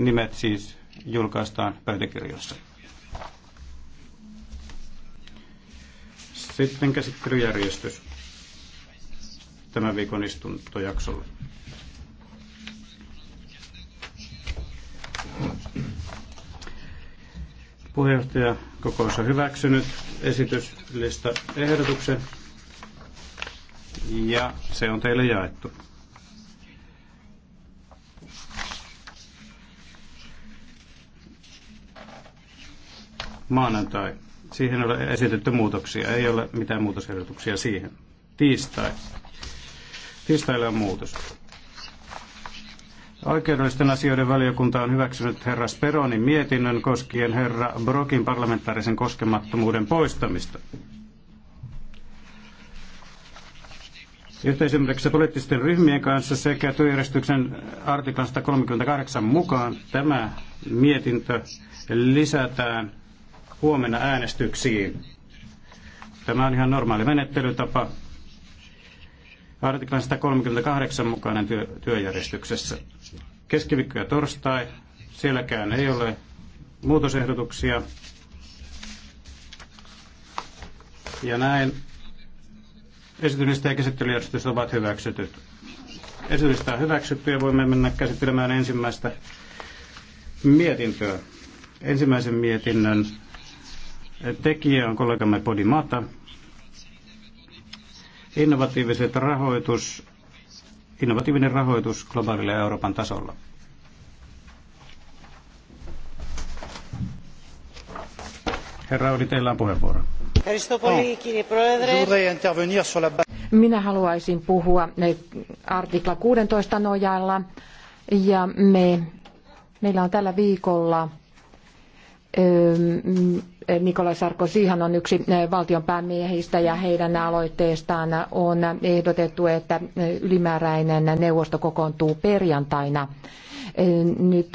Nimet siis julkaistaan pöytäkirjoissa. Sitten käsittelyjärjestys tämän viikon istuntojaksolla. Puheenjohtaja kokous on hyväksynyt esityslista ehdotuksen ja se on teille jaettu. maanantai. Siihen ei ole esitetty muutoksia, ei ole mitään muutosehdotuksia siihen. Tiistai. Tiistaille on muutos. Oikeudellisten asioiden valiokunta on hyväksynyt herra Speronin mietinnön koskien herra Brokin parlamentaarisen koskemattomuuden poistamista. Yhteisymmärryksessä poliittisten ryhmien kanssa sekä työjärjestyksen artiklan 138 mukaan tämä mietintö lisätään huomenna äänestyksiin. Tämä on ihan normaali menettelytapa. Artiklan 138 mukainen työ, työjärjestyksessä. Keskiviikko ja torstai. Sielläkään ei ole muutosehdotuksia. Ja näin esityksestä ja käsittelyjärjestys ovat hyväksytyt. Esitystä on hyväksytty ja voimme mennä käsittelemään ensimmäistä mietintöä. Ensimmäisen mietinnön Tekijä on kollegamme Mata. Innovatiiviset rahoitus, innovatiivinen rahoitus globaalilla Euroopan tasolla. Herra Oli, teillä on puheenvuoro. Minä haluaisin puhua eh, artikla 16 nojalla ja me, meillä on tällä viikolla Mm, Nikola Sarkozyhan on yksi valtion päämiehistä ja heidän aloitteestaan on ehdotettu, että ylimääräinen neuvosto kokoontuu perjantaina nyt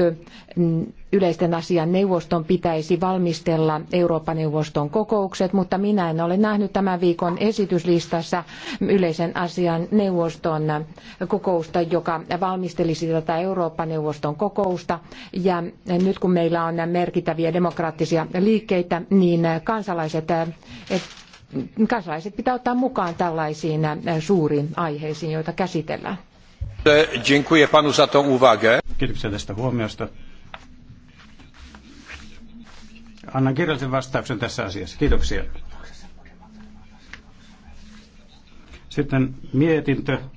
mm, yleisten asian neuvoston pitäisi valmistella Euroopan neuvoston kokoukset, mutta minä en ole nähnyt tämän viikon esityslistassa yleisen asian neuvoston kokousta, joka valmistelisi tätä Euroopan neuvoston kokousta. Ja nyt kun meillä on merkittäviä demokraattisia liikkeitä, niin kansalaiset kansalaiset pitää ottaa mukaan tällaisiin suuriin aiheisiin, joita käsitellään. Dziękuję panu za tą uwagę. Kiitoksia tästä huomiosta. Annan kirjallisen vastauksen tässä asiassa. Kiitoksia. Sitten mietintö